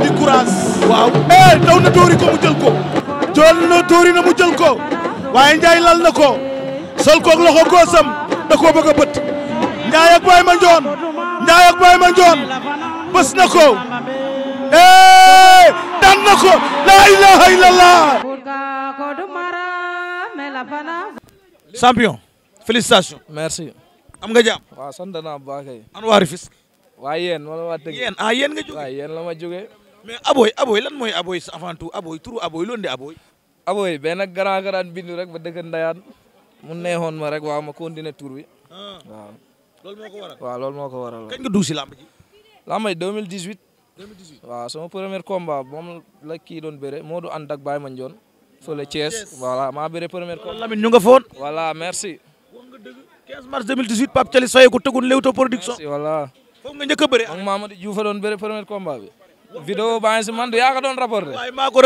gi eh, daw na tóori ko mu jël ko. jël na tóori na mu jël ko. waaye Ndiaye lal na ko. sol koog loxo góosam da koo bëgg a bët. Ndiaye ak Baye Mandione. Ndiaye bës na ko. eh daan na ko. laa ilaha illallah. mais aboy aboy lan mooy aboy avant tout aboy turu aboy loolu di aboy. aboy rek ba dëkk ndayaan mu neexoon ma rek waaw ma continuer ah. loolu moo ko waral loolu moo ko waral. kañ nga dugg si làmb ji. làmb ji 2018. 2018 waaw sama premier combat moom la kii doon bëre moo du ànd ak Baye Mandione. fële ah, Thiès voilà maa bëre premier combat. Lamine ñu nga foon. voilà merci. wax nga dëgg 15 mars 2018 Faye ko tëggoon Leewtoo production. merci voilà. foofu nga a bëre. ak Mamadou Diouf a doon bëre premier combat bi. vidéo baa ngi si man yaa ko doon rapporté. waaye maa ko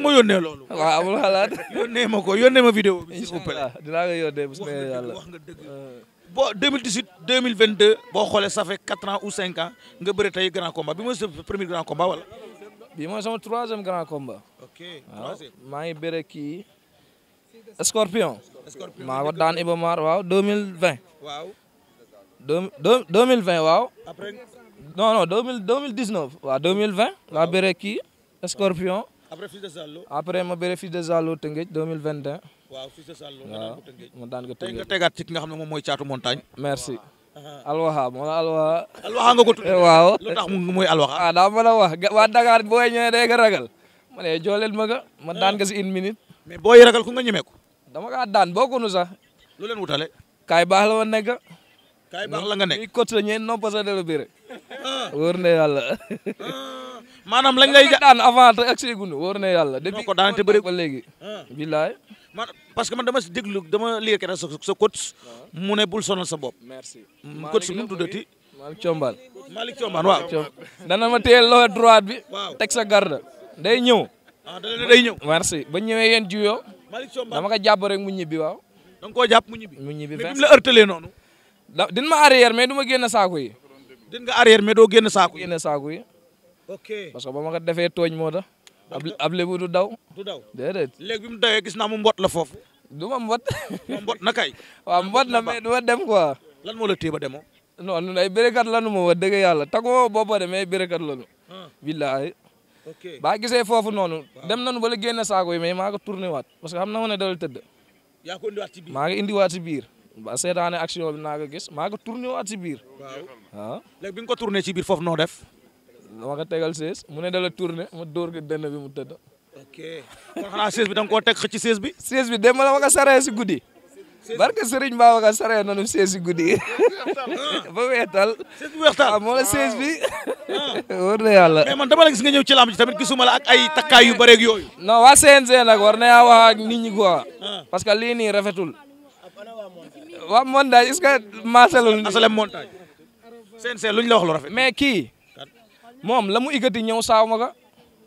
ma yónnee loolu. waaw amul xalaat. yónnee ma ko yónnee ma vidéo bi. incha allah dinaa ko yónnee bu sumee yàlla. boo 2018 2022 boo xoolee ça fait 4 ans ou 5 ans nga bëri tey grand combat bi mooy sa premier grand combat bii mooy sama troisième grand combat. ok waaw maa ngi bëre kii. Scorpion. Scorpion maa ko daan Ibomar waaw 2020. waaw. deux deux 2020 waaw. no non deux mille deux mille dix neuf. waaw deux mille vingt. laa béré kii Scorpion. après ma béré Fils de Zallo Tëngéej deux mille vingt un. waaw Fils de Zallo. ma daan ko tegaat ci ki nga xam ne moom mooy caatu montagne. merci. alwaxa moo la alwaxa. nga ko tudd. Eh, waaw lu tax mu muy alwaxa. ah daa mën a wax waa Dakar booy ñëwee day nga ragal. ma ne jooleel ma nga. ma ah. daan nga si une minute. mais booy ragal ku nga ñemee ko. dama kaa daan bokkunu sax. lu leen wutale. kaay baax la woon nekk. kaay baax a nga nekk coach la ñeen non pas de biir ah. wóor na yàlla ah. maanaam lañ lay daan avant ak seegunu wóor na yàlla depuis ko daan ba léegi ah. billaay man parce que man dama si déglu dama lire kene sa sa coach mu ne bul sonal sa bopp merci mm, coach nu mu tuddati Malick Thiombane Malick Thiombane waaw dana ma téye loxo droite bi teg sa garde day ñëw merci ba ñëwee yeen juyoo dama ko jàpp rek mu ñibbi waaw da nga koo jàpp mu ñibbi mu ñibbi mais bi da din ma arrière mais du ma génn saako yi. din nga arrière mais doo génn saako yi. saako yi. ok parce que ba ma ko defee tooñ moo ab lébu du daw. du daw déedéet. léegi bi mu dawee gis naa mu mbot la foofu. du ma mbot. mbot na kay. waaw mbot na mais du ma dem quoi. lan moo la téye ba demoo. non ñun ay bérékat lanu ma wax dëgg yàlla taguma boppa de mais bérékat lanu. Ah. billaahi. ok baa gisee foofu noonu. dem nañu ba la génn saako yi mais maa ko tourné waat parce que xam na ma ne dalal tëdd. yaa ko indiwaat maa ngi indiwaat ci biir. ba seetaane action bi naa ko gis maa ko tourné waat si biir. waaw léegi bi nga ko tourné ci biir foofu noo def. dama ko tegal siis mu ne dala tourné mu dóor ko dënn bi mu tëdd. ok kon teg ci siis bi. siis bi dem ma ko saree si guddi. barke Ba nga saree nanu siis si guddi ba weetal. siis bu weetal waaw ah, moo la siis ah. man dama la gis nga ñëw ci lamb ji tamit gisuma ak ay takkaay yu bëreeg yooyu. non waa CNG nag war yaa wax ak nit ñi quoi. Ah. lii nii rafetul. waaw montage est-ce que la wax mais kii moom la mu ikkati ñëw saaw ma ko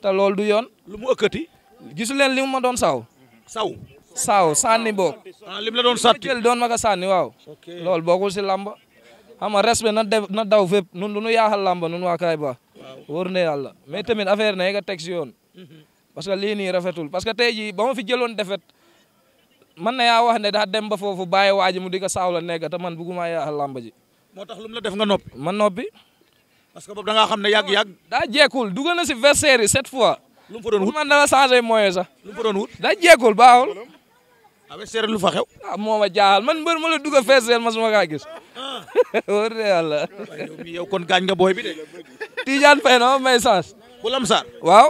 te loolu du yoon. lu mu ëkkati. gisu leen li ma doon saaw. saw saaw sànni boog. ah lim la doon sàtti jël doon ma waaw. loolu bokkul si lamba. xam nga na def na daw fépp nun du nu yaaxal lamba nun waa kaay ba wóor na yàlla mais tamit affaire na nga teg yoon mhm. parce que lii nii rafetul parce que tey jii ba ma fi jëloon defet man na yaa wax ne daa dem ba foofu bàyyi waa ji mu di ko saaw la nekk te man bëgguma yaa làmb ji. moo tax lu la def nga noppi. man noppi. parce que boobu da xam ne yàgg yàgg. daa jeekul dugal na si versaire yi sept fois. lu mu fa doon man dala changé moyen sax. lu mu fa doon wut daa jeekul baaxul. ah versaire lu fa xew. ah moo ma jaaxal man mbër ma la dugal versaire ma suma kaa gis. Ah. wóor na yàlla. yow kon gaañ nga booy bi de. Tidiane Faye na ma may chance. waaw.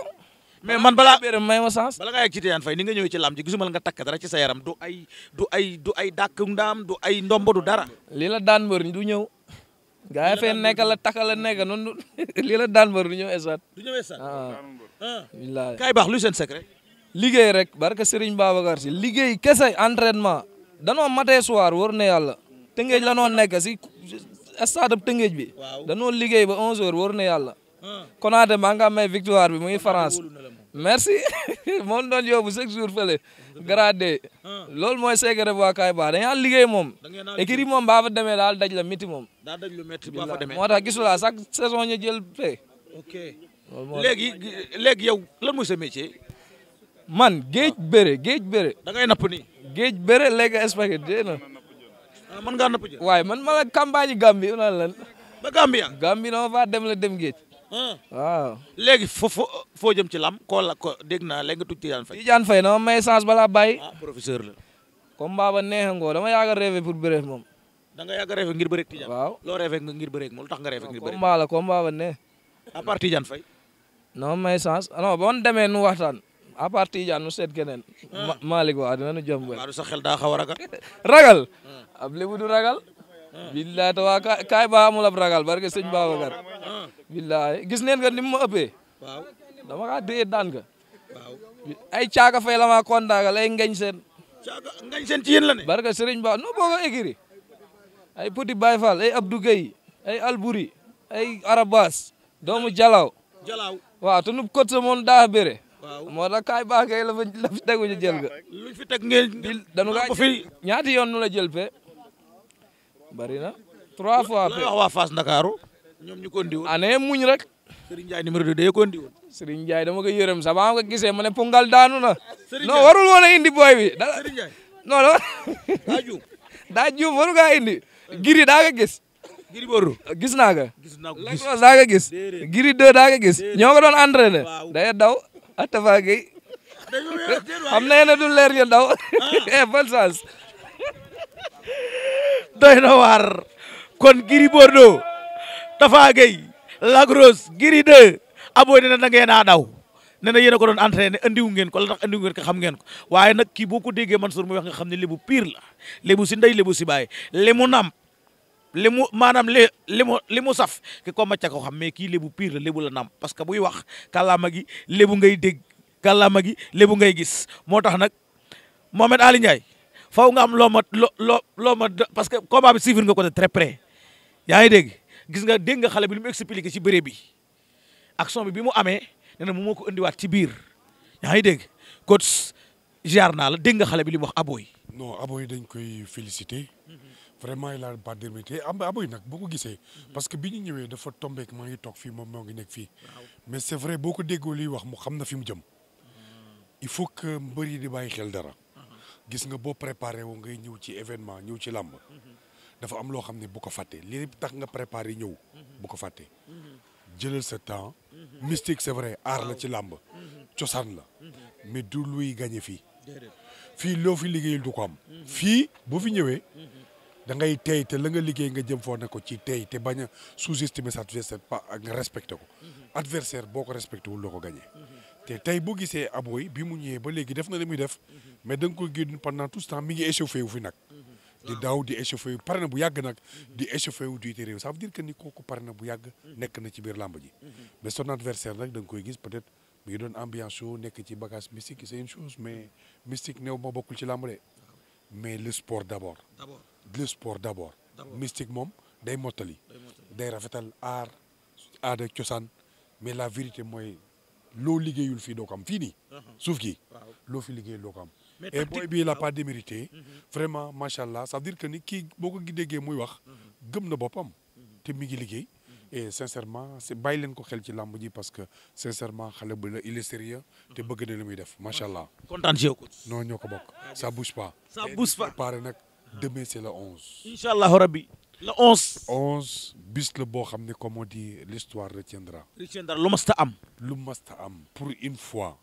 mais man balaa béeram may ma sens bala ngaa yegg ci Tidiane Faye ni nga ñëwee ci lam ji gisuma la nga takk dara ci sa du ay du daam du ay dàkk ndaam du ndombo du dara lii la daan mbër du ñëw gaa yi fee la takk la nekk noonu lii la daan mbër du ñëw esat du ñëw esat ah. ah. bilaay kaay baax lu seen liggéey rek barka Serigne Babacar si liggéey kese entraînement danoo matee soir wër na yàlla tëngeej la noo nekk si stade tëngeej bi danoo liggéey ba 11 heures wër na yàlla Konaté maa ngi am ay victoire bi mu ngi France merci moom doon yóbbu chaque jour fële gradé loolu mooy secret bu waa Kaay Ba dañaa liggéey moom écrit moom baa fa demee daal daj la métti moom moo lo gisulaa chaque saison ñu jël fee ok léegi léegi yow lan mooy sa métier man géej bëre géej bëre da ngay napp nii géej bëre léegi expecté dee na ah, man ngaa napp waaye man ma campagne Gambie nan lan ba Gambie Gambie dama faa dem la dem géej waaw. léegi fo foo jëm ci lam koo la ko dégg naa léegi nga tudd Tidiane Faye. fay na dama may chance balaa bàyyi. ah professeur la. comme baaba neexe ngoo dama yàgg a rêvé pour bëre moom. da nga ngir bëre ak Tidiane. waaw loo rêvé ngir bëre ak moom tax nga rêvé ngir bëre. comme baala comme baaba ne. à fay Tidiane Faye. non may chance ah non bon demee nu waxtaan. a part Tidiane mu set keneen. Ah. Malick waa dina nu jom. waaw du sa xel daa xaw a ragal. ragal. ab li ragal. billaay te waa kaay baa amul ab ragal barke sëñ Babacar billaay gis neen nga ni mu ma ëppee waaw dama kaa dee daan ka ay caaka fay la maa kontaagal ay ngañ seen ci yéen la ne barke sëriñ Ba no boo ko écri ay Petit Baye ay Abdou ay Albouri ay Arabas doomu Jalaw Jalaw waaw te nu kot daa bére moo tax kaay baa kay la fi tegu ñu jël ga ñaati yoon nu la jël pe bari na trois fois. la wax waa Fass Ndakaaru. ñoom ñu ko ndiwoon année rek. Serigne Ndiaye numéro 2 day ko ndiwoon. Serigne Ndiaye dama ko yërëm sax ba nga gisee ma ne pungal daanu na. Serigne warul woon a indi booy bi. Serigne daa juum daa juum indi. giri daa gis. giri booru gis naa ko. daa nga gis. giri 2 daa leer ñu daw. Ah. Eh, bonne chance. doy na waar kon Gris Bordeaux Tapha Gueye Lac Rose Gris 2 Aboy dina na ngeen a daw ne na yéen a ko doon entraîné andiwu ngeen ko la tax andiwu ngeen ko xam ngeen ko waaye na kii boo ko déggee Mansour muy wax nga xam ne lébu pire la lébu si ndey lébu si baay lému nam lému maanaam li limu li mu saf ki ko macca ko xam mais kii lébu piir la lébu la nam parce que buy wax kàllaama gi lébu ngay dégg kàllaama gi lébu ngay gis moo tax nag Mohamed Ali Ndiaye faw nga am loo ma loo loo ma parce que combat bi suivre nga ko de très près yaa ngi dégg gis nga dégg nga xale bi li mu expliqué si bëre bi action bi bi mu amee nee mu moo ko indiwaat ci biir yaa ngi dégg coach jaar naa la dégg nga xale bi li mu wax aboy non aboy dañ koy félicité vraiment il a pas démérité am aboy nag boo ko gisee parce que bi ñu ñëwee dafa tombé ak maa toog fii moom moo ngi nekk fii mais c'est vrai boo ko déggoo liy wax mu xam na fi mu jëm il faut que yi di bàyyi xel dara gis nga boo préparé woo ngay ñëw ci événement ñëw ci làmb dafa am loo xam ne bu ko fàtte lii tax nga préparé ñëw bu ko fàtte jëlal sa temps mystique c'est vrai aar la ci làmb cosaan la mais du luy gagné fii fii loo fi liggéeyul du ko am fii boo fi ñëwee da ngay tey te la nga liggéey nga jëm foo ne ko ci tey te bañ a sous-estimer sa adversaire pas ak nga respecté ko adversaire boo ko respecté wul loo ko gañe te tey boo gisee Aboy bi mu ñëwee ba léegi def na li muy def mais da nga ko génn pendant tout ce temps mi ngi échauffé wu fi nag. di daaw di échauffé wu pare na bu yàgg nag di échauffé wu di réew ça dire que ni kooku pare na bu yàgg nekk na ci biir làmb ji mais son adversaire nag da nga koy gis peut-être mi ngi doon ambiance show nekk ci bagage mystique c'est une chose mais mystique néew ma bokkul ci làmb de mais le sport d'abord le sport d'abord mystique moom day mottali day rafetal aar cosaan mais la vérité mooy loo liggéeyul fii doo ko am fii nii. Uh-huh. suuf gi loo fi liggéeyul doo ko am. et booy bi il a démérité. Uh-huh. vraiment macha allah ça veut dire que ni kii boo ko déggee muy wax. Uh-huh. gëm na boppam. te mi ngi liggéey. e sincèrement c'est bàyyi leen ko xel ci làmb ji parce que sincèrement xale bi la il est sérieux te bëgg na li muy def macha allah. kontaan si ko. non ñoo ko bokk ah, ça bouge pas. ça bouge pa pare nag demain c'est le 11. incha allah rabbi. le ons onze bis la boo xam ne comme on dit l'histoire retiendra. retiendra lu masta am. lu masta am pour une fois.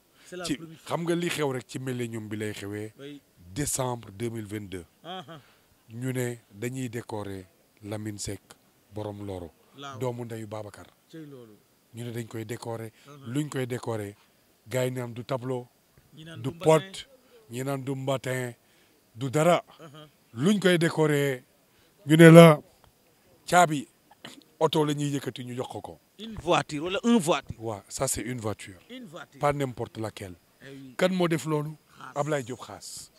ci xam nga li xew rek ci millénium bi lay xewee. décembre deux mille vingt deux. Uh-huh. ñu ne dañuy décorer Lamine Seck borom loro. doomu ndeyu Babacar. ñu ne dañ koy lu uh-huh. luñ koy décorer. gars yi naan du tableau. du pot ñi naan du mbatin du dara. Uh-huh. luñ koy décorer. ñu ne la caabi oto lañuy ñuy yëkkati ñu jox ko ko. une voiture wala un voiture. waaw ça une voiture. une voiture pas n' importe laquelle. Eh kan moo def loolu. Ablaye Diop Xaas.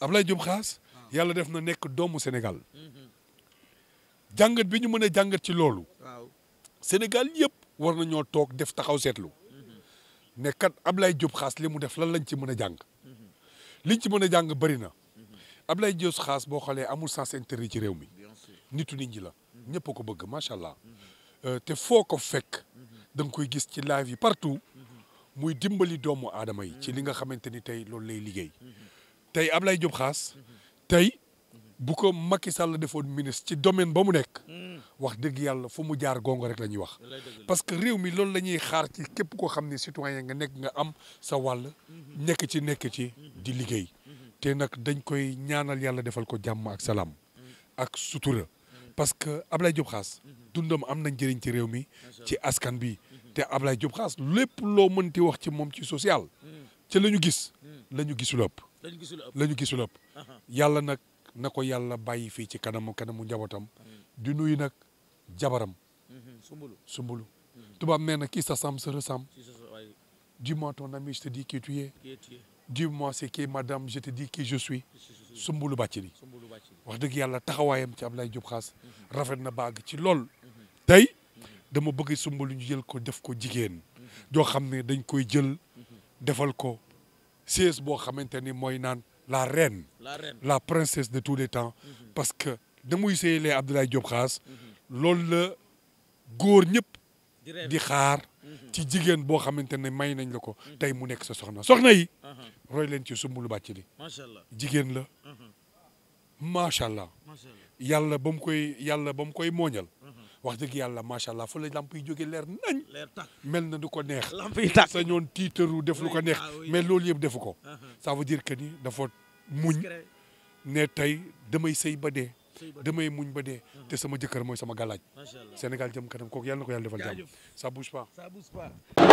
Ablaye Diop Xaas ah. yàlla def na nekk doomu Sénégal mhm. jàngat bi ñu mën a jàngat ci loolu. Sénégal yëpp war na ñoo toog def taxaw seetlu mhm. ne ab lay Diop Xaas li mu def lan lañ ci mën a jàng mhm. liñ ci mën a jàng bëri na lay Diop Xaas boo xoolee amul sens interdit ci réew mi. nitu nit ñi la ñëpp ko bëgg macha allah euh, te foo ko fekk danga koy gis ci live yi partout muy dimbali doomu aadama yi ci li nga xamante ni tey loolu lay liggéey tey lay Diop xaas tey bu ko Macky Sall defoon ministre ci domaine ba mu nekk wax dëgg yàlla fu mu jaar gongo rek la ñuy wax parce que réew mi loolu lañuy xaar ci képp koo xam ne citoyen nga nekk nga am sa wàll nekk ci nekk ci di liggéey te nag dañ koy ñaanal yàlla defal ko jàmm ak salaam ak sutura parce que Ablaye Diop Khass dundam am na njëriñ ci réew mi ci askan bi mm-hmm. te Ablaye Diop xaas lépp loo mënti wax ci moom ci social mm. ci la ñu gis mm. lañu ñu gisul ëpp la ñu gisul yàlla nag na ko yàlla bàyyi fii ci kanamu kanamu njabootam mm. di nuyu nag jabaram mm-hmm. sumbulu sumbulu mm-hmm. tubaab nee na qui s'assemble se ressemble dis-moi ton ami je te dis qui tu es dis-moi c'est madame je te dis je suis sumbulu bàcc li wax dëgg yàlla taxawaayam ci Ablaye Diop Khass mhm. rafet na bàgg ci lool mhm. tey mhm. dama bëgg sumbulu ñu jël ko def ko jigéen joo xam ne dañ koy jël defal ko siège boo xamante ni mooy naan la reine la princesse de tous les temps parce que da muy sëyalee Abdoulaye Diop Khass loolu la góor ñëpp di xaar ci jigéen boo xamante ne may nañ la ko tey mu nekk sa soxna soxna yi roy leen ci Soumboulou Bathily jigéen la mhm. macha allah yàlla ba mu koy yàlla ba mu koy mooñal mhm. wax dëgg yàlla macha allah fu la lamp yi jóge leer nañ mel na du ko neex sa ñoon tiitaru def lu ko neex ah mais loolu yëpp defu ko mhm. ça veut dire que ni dafa muñ ne tey damay sëy ba dee damay muñ ba dee te sama jëkkër mooy sama galaaj Sénégal jëm kanam kooku yàlla na ko yàlla defal jàmm ça bouge pas ça